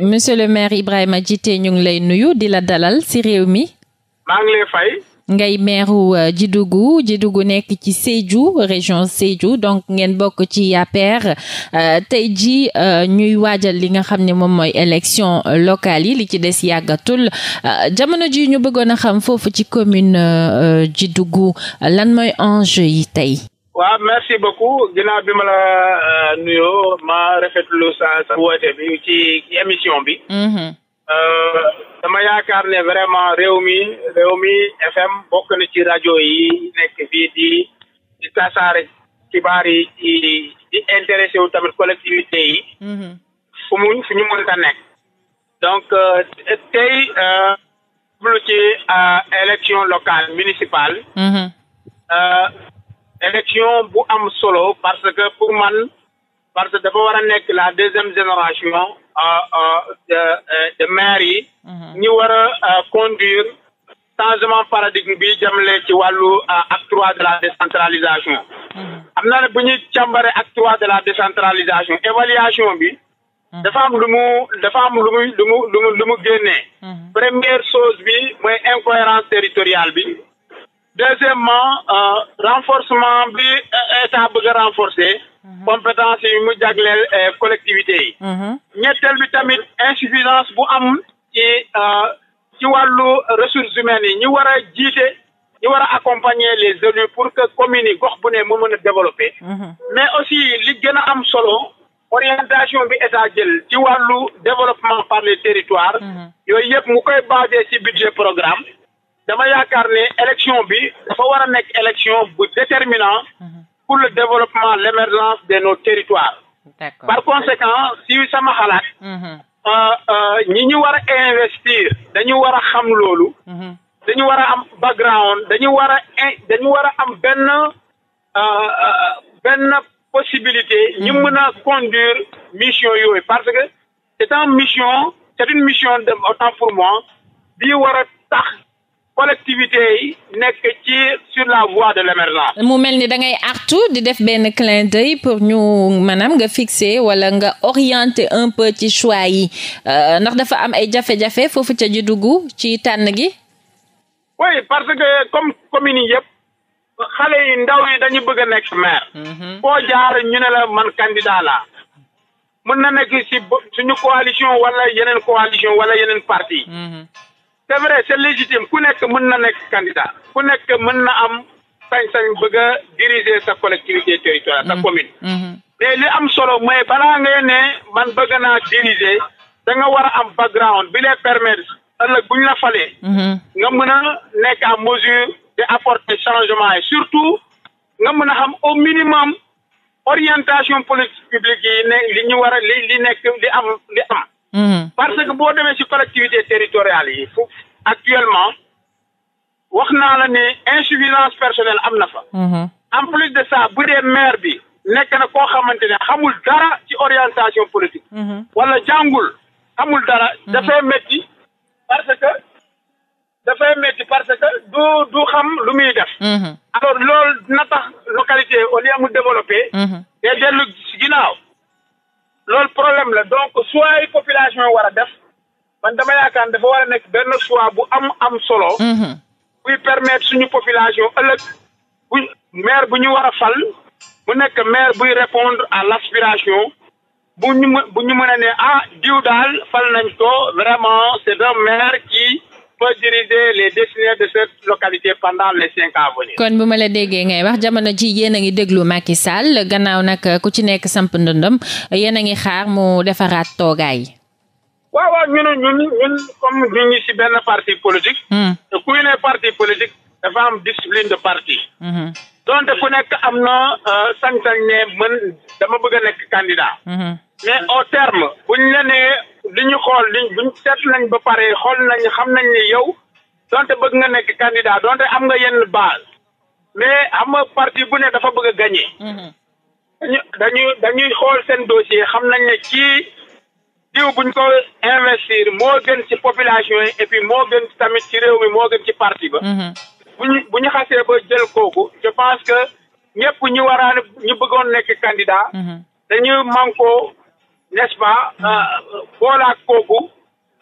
monsieur le maire Ibrahima jiitee ñu ngi lay nuyu di la dalal si réew mi. maa ngi lay fay. ngay meeru euh, Didougou Didougou nekk ci Sédhiou région Sédhiou donc ngeen bokk ci APR euh, tey ji euh, ñuy waajal li nga xam ne moom mooy élection locale yi li ci des yàggatul jamono ji ñu bëggoon a xam foofu ci commune Didougou lan mooy enjeu yi tey. waaw merci beaucoup ginnaaw bi ma la euh, nuyoo ma rafetlu sa sa woote bi ci émission bi. Mm-hmm. Euh, dama yaakaar ne vraiment réew mi réew mi FM bokk ci rajo yi nekk fii di di tasaare xibaar yi di di intéressé wu tamit collectivité yi. Mm-hmm. fu mu fu ñu mën nekk. donc euh, tey jublu ci élection locale élection bu am solo parce que pour man parce que dafa war a nekk la deuxième génération euh, euh, de euh, de maire yi mhm. ñi war a conduire changement paradigme bi jëmale ci wàllu acte trois de la décentralisation mhm. am na ne bu ñuy càmbare ak trois de la décentralisation évaluation bi mhm. dafa am lu mu dafa am lu mu lu mu lu mu lu mu première chose bi mooy incohérence territoriale bi deuxièmement euh, renforcement bi euh, état bëgg a renforcer mhm. compétence yi mu jagleel euh, collectivité yi mhm. ñetteel bi tamit insuffisance bu am ci ci wàllu ressources humaines yi ñu war a jiite ñu war a accompagner les élus pour que communes yi gox bu ne mu mën a développer mhm. mais aussi li gën a am solo orientation bi état jël ci wàllu développement par les territoires yooyu yëpp mu koy basé ci budget programme dama yaakaar ne élection bi dafa war a nekk élection bu déterminant pour le développement l'émergence de nos territoires par conséquent si sama xalaat mhm. euh, euh, ñi ñu war a investir dañu war a xam loolu mhm. dañu war a am background dañu war a dañu war a am benn euh, benn possibilité ñu mhm. mën a conduire mission yooyu parce que c'est une mission c'est une mission de autant pour moi bii war a tax collectivité yi nekk ci sur la voie de l'émergence. mu mel ni da ngay artu di def benn clinté d'œil pour ñu maanaam nga fixer wala nga orienté un peu ci choix yi euh, ndax dafa am ay jafe-jafe foofu ca ji dugg ci tànn gi. oui parce que comme communes yi yëpp xale yi ndaw yi dañu bëgg a nekk maire. Mhm. foo jaar ñu ne la man candidat la mën na nekk si suñu coalition wala yeneen coalition wala yeneen parti. Mhm. c'est se c'est légitime ku nekk mën na nekk candidat ku nekk mën na am sañ-sañ bëgg a diriger sa collectivité territoriale sa mm-hmm. commune mm-hmm. mais li am solo mais bala ngay ne man bëgg naa diriger da nga war a am background bi lay permettre ëllëg bu ñu la falee mm-hmm. nga mën a nekk en mesure de apporter changement surtout nga mën a xam o minimum orientation politique publique yi ne li ñu war a li li nekk li am li am Mm-hmm. parce que boo demee ci collectivité territoriale yi fu actuellement wax naa la ne insuffisance personnel am na fa mm-hmm. en plus de ça bu dee maire bi nekk na koo xamante ne xamul dara ci orientation politique mm-hmm. wala jàngul xamul dara dafay métti parce que dafay métti parce que du du xam lu muy def alors loolu dina tax localité au lieu mu développé day dellu ginnaaw loolu problème la donc choix yi population war a def man dama yaakaar dafa war a nekk benn choix bu am am solo. Mhm. buy permettre suñu population ëllëg bu maire bu ñu war a fal bu nekk maire buy répondre à l'aspiration bu ñu bu ñu mën a ne ah diw daal fal nañ ko vraiment c'est un maire qui. peut diriger les destinées de cette localité pendant les cinq ans à kon bu ma la déggee ngay wax jamono ji yéen a ngi déglu Macky Sall gannaaw nag uh, ku ci nekk samp ndëndëm yéen a ngi xaar mu defaraat toogaay. waaw waaw a ñun ñun comme ñu ngi ci benn parti politique. Hmm. te kuy ne parti politique dafa am discipline de parti. Hmm. donte ku nekk am na uh, sañ-sañ ne mën dama bëgg a nekk candidat. Hmm. mais au terme buñ la nee. li ñu xool li buñ seet nañ ba pare xool nañ xam nañ ne yow donte bëgg nga nekk candidat donte am nga yenn base mais am nga parti bu ne dafa bëgg a gagné. Mhm. dañu dañuy dañuy xool seen dossier xam nañ ne kii diw buñ ko investir moo gën ci population yi et moo gën tamit ci réew mi moo gën ci parti ba. Mhm. bu ñu xasee ba jël kooku je pense que ñëpp ñu waraan ñu bëggoon nekk candidat. Mhm. dañuy manko n'est-ce euh, kooku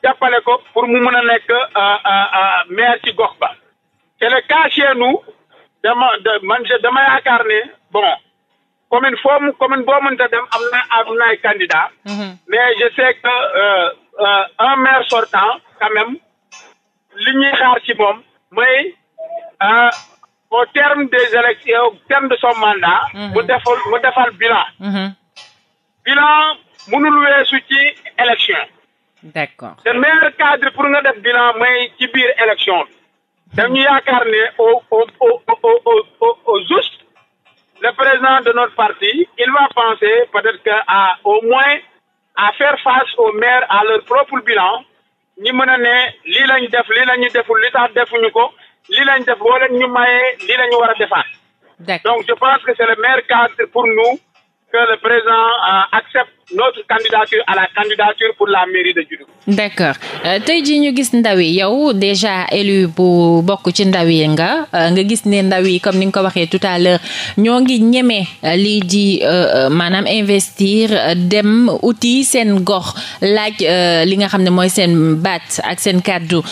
jàppale ko pour mu mën a nekk euh, euh, maire ci gox ba c'est le cas chez nous dama man dama yaakaar ne bon commune foo mu commune boo mënta dem am na am naay candidat mhm. mais je sais que un maire sortant quand même li xaar ci moom mooy au terme des élections au terme de son mandat mhm. mu defal mu defal bilan mhm. bilan mënul weesu ci élection. d'accord te meilleur cadre pour nga def bilan mooy ci biir élection bi. dañu yaakaar ne au au au au au au juste le président de notre parti il va penser peut-être que à au moins à faire face au maire à leur propre bilan ñi mën a ne lii lañ def lii lañu deful li tax defuñu ko lii lañ def wala ñu mayee lii lañu war a donc je pense que c'est le meilleur cadre pour nous. que le président euh, accepte notre candidature à la candidature pour la mairie de Diouroup. d'accord euh, tey jii ñu gis ndaw yi yow déjà élu bu bokk ci ndaw yi nga euh, nga gis ne ndaw yi comme ni nga ko waxee tout à l'heure ñoo ngi ñeme euh, lii di maanaam investir dem uti seen gox laaj li nga xam ne mooy seen baat ak seen kàddu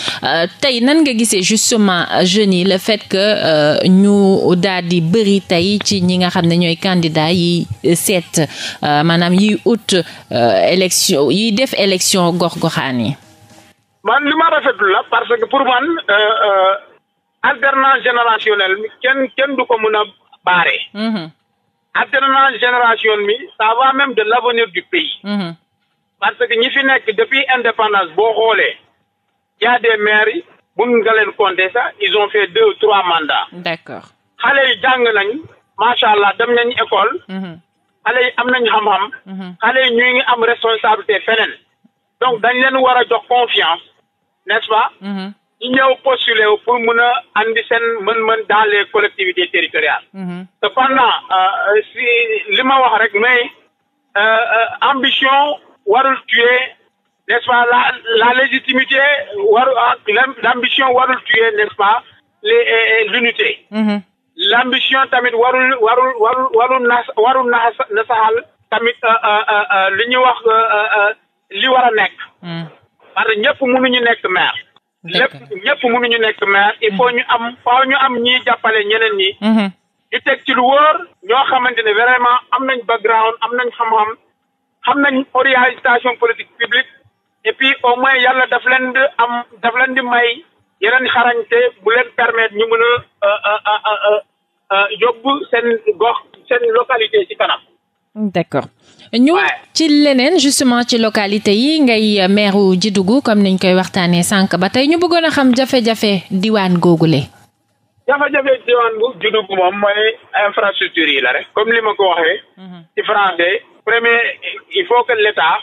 tey nan nga gisee justement jeunes yi le fait que ñu daal di bëri tey ci ñi nga xam ne ñooy candidat yi seet maanaam yi ut wut euh, élection yiy def élection gox-goxaan yi. man li ma rafetlu la parce que pour man euh, euh, alternance générationnelle mi kenn kenn du ko mun a baare. Mhm. alternance génération mi ça même de l'avenir du pays. Mhm. parce que ñi fi nekk depuis indépendance boo xoolee y a des maires mun nga leen compter sax ils ont fait deux ou trois mandats. d'accord xale yi jàng nañ macha allah dem nañ école. Mhm. xale yi am nañ xam-xam mhm. xale yi ñu ngi am responsabilité feneen donc dañ leen war a jox confiance n'est-ce pas mhm. ñëw postuler wu pour mun a andi seen mën-mën dans les collectivités territoriales cependant mhm. euh, si li ma wax rek mais euh, euh, ambition warul tuer n'est-ce pas la la légitimité waru ah, l'ambition warul tuer n'est-ce pas les l'unité l'ambition tamit warul warul warul warul nax warul nax na saxal tamit euh, euh, euh, li ñuy wax li war a nekk hmm. parce que ñëpp mënuñu nekk maire lépp ñëpp mënuñu nekk maire il faut hmm. ñu am faaw ñu am ñiy jàppale ñeneen ñi hmm. ñu teg ci lu wóor ñoo xamante ne vraiment am nañ background am nañ xam-xam xam nañ orientation politique publique et puis au moins yàlla daf leen am daf leen di may yeneen xarañte bu leen permettre ñu mën a yóbbu seen gox seen localité ci kanam. d'accord ñu ci leneen justement ci localité yi ngay meeru Dioudoubou comme niñ koy waxtaanee sànq ba tey ñu bëggoon a xam jafe-jafe diwaan googule. jafe-jafe diwaan bu Dioudoubou moom mooy infrastructure yi la rek comme li ma ko waxe mhm. ci français premier il faut que l'État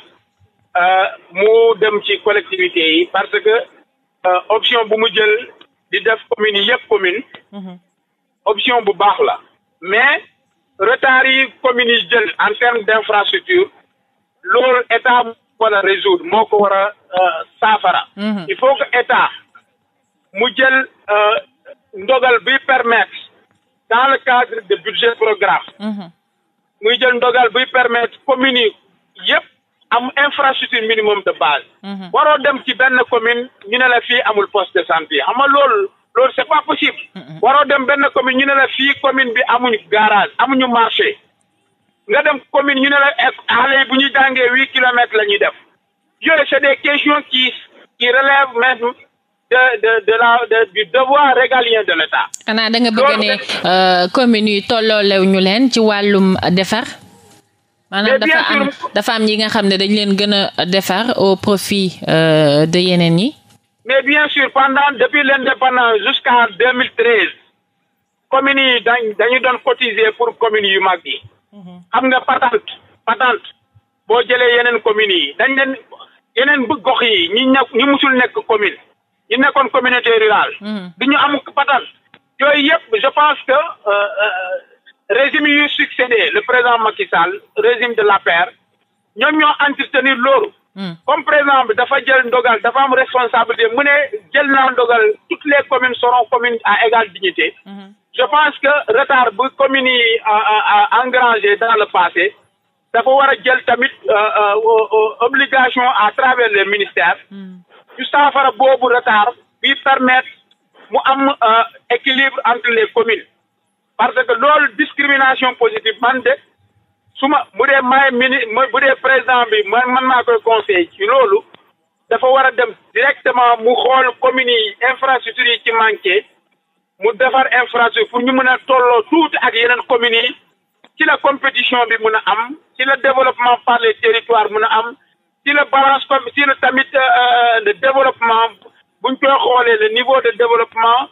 euh, mu dem ci collectivité yi parce que. Euh, option bu mu jël di def commune yi yëpp commune mhm. option bu baax la mais retard yi communes jël en terme d'infrastructure loolu état war résoudre moo ko war a euh, saafara mhm. il faut que état mu jël euh, ndogal bi permettre dans le cadre de budget programme mhm. muy jël ndogal buy permettre commune yi am infrastructure minimum de base. Mhm. waroo dem ci benn commune ñu ne la fii amul poste de santé xam nga loolu loolu c'est pas possible. Mhm. waroo dem benn commune ñu ne la fii commune bi amuñu garage amuñu marché nga dem commune ñu ne la xale bu ñu jàngee huit kilomètres la ñuy def yooyu c'est des questions qui qui relèvent même. de de de la de du devoir régalien de l'État. xanaa da nga ne euh, communes yi tolloolewuñu leen ci wàllum defar. maanaam dafa am dafa am ñi nga xam ne dañ leen gën a defar au profit euh, de yeneen yi mais bien sûr pendant depuis l'indépendance jusqu'en 2013 communes yi dañ dañu doon cotiser pour communes yu mag yi mhm. xam nga patente patente boo jëlee yeneen communes yi dañ leen yeneen bëgg gox yi ñu nekk ñu musul nekk commune ñu nekkoon communauté rural mhm. du ñu am patente yooyu yëpp je pense que euh, euh, régime yu succédé le président Macky Sall régime de la paire ñoom ñoo entretenir loolu. Hmm. comme par exemple dafa jël ndogal dafa am responsabilité mu ne jël naa ndogal toutes les communes seront communes à égale dignité. Hmm. je pense que retard bu communes yi euh, euh, euh, engrangé dans le passé dafa war a jël tamit obligation à travers les ministères. ñu hmm. saafara boobu retard bi permettre mu am équilibre entre les communes. parce que loolu discrimination positive man de su ma bu dee maay ministre bu dee président bi man man maa koy conseil ci loolu dafa war a dem directement mu xool communes yi infrastructure yi ci manqué mu defar infrastructure pour ñu mën a tolloo tuuti ak yeneen communes yi ci la compétition bi mën a am ci la développement par les territoires mën a am ci la balance comme ci la tamit euh, euh, le développement buñ koy xoolee la niveau de développement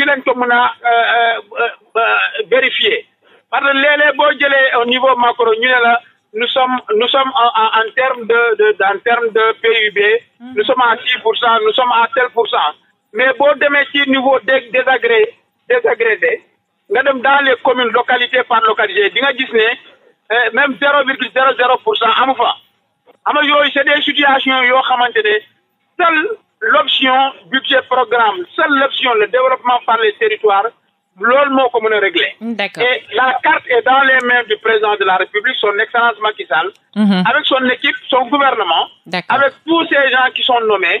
ci lañ ko mën a euh, euh, euh, vérifier parce que boo jëlee au niveau macro ñu ne la nous sommes nous sommes en en terme de de en terme de PIB mmh. nous sommes à six pour cent nous sommes à tel pour cent mais boo demee ci niveau dé désagré désagrégé nga dem dans les communes localité par localité di nga gis ne même zéro virgule zéro zéro pour cent amu fa ama yooyu c'est des situations yoo xamante ne seul l'option budget programme seule l'option le développement par les territoires loolu moo ko mën a régler et la carte est dans les mains du président de la République son excellence Macky Sall mm -hmm. avec son équipe son gouvernement avec tous ces gens qui sont nommés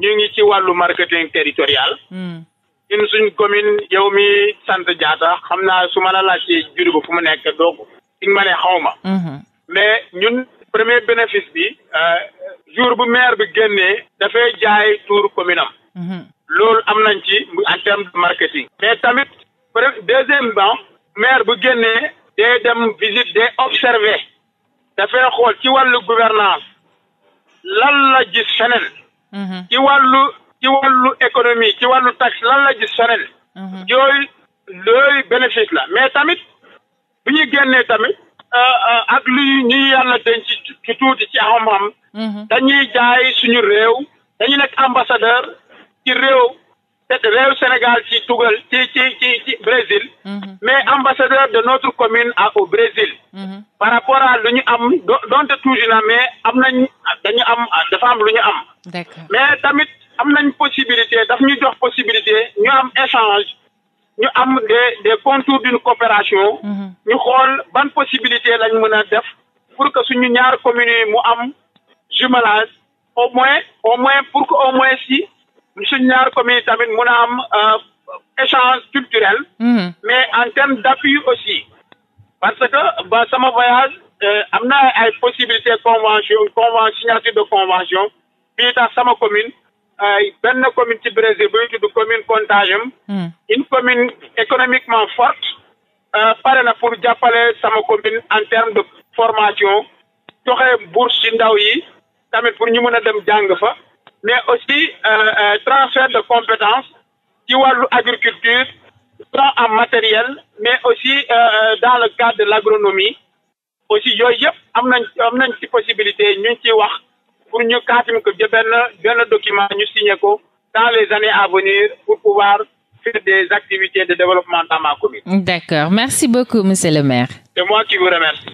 ñu ngi ci wàllu marketing territorial hmm. ñun suñ commune yow mi sant jaata xam naa su ma la laaj ci juri fu mu nekk doog siñ ma ne xaw ma hmm. mais ñun premier bénéfice bi euh, jour bu maire bi génnee dafay jaay tour commune am hmm. loolu am nañ ci en terme de marketing mais tamit deuxièmement maire bu génnee day dem visite day observer dafay xool ci wàllu gouvernance lan la gis feneen Mm-hmm. ci wàllu ci wàllu économie ci wàllu taxe lan la gis feneen mm-hmm. yooyu looyu bénéfice la mais tamit bu ñuy génnee tamit euh, euh, ak luy ñuy yàlla denc ci tuuti ci xam-xam mm-hmm. dañuy jaay suñu réew dañu nekk ambassadeur ci réew réew Sénégal ci tugal ci ci ci ci Brésil mais ambassadeur de notre commune à au Brésil par rapport à lu ñu am donte tuuti na mais am nañ dañu am dafa am lu ñu am mais tamit am nañ possibilité daf ñu jox possibilité ñu am échange ñu am des des contours d'une coopération. Mhm. ñu xool ban possibilité lañ mën a def pour que suñu ñaar communes mu am jumelage au moins au moins pour que au moins si suñu ñaar communes tamit mën a am euh, échange culturel. Mhm. mais en termes d'appui aussi. parce que ba sama voyage euh, am na ay possibilité convention convention signature de convention. bii tax sama commune benn commune ci Brésil buy tudd commune Contagium hmm. une commune économiquement forte euh, pare na pour jàppale sama commune en termes de formation joxe bourse ci ndaw yi tamit pour ñu mën a dem jàng fa mais aussi euh, euh, transfert de compétences ci wàllu agriculture tant en matériel mais aussi dans le cadre de l'agronomie aussi yooyu yëpp am nañ ci possibilité ñu ci wax pour ñu kaatim ko benn benn document ñu signé ko dans les années à venir pour pouvoir faire des activités de développement dans ma commune. D'accord. Merci beaucoup, monsieur le maire. C'est moi qui vous remercie.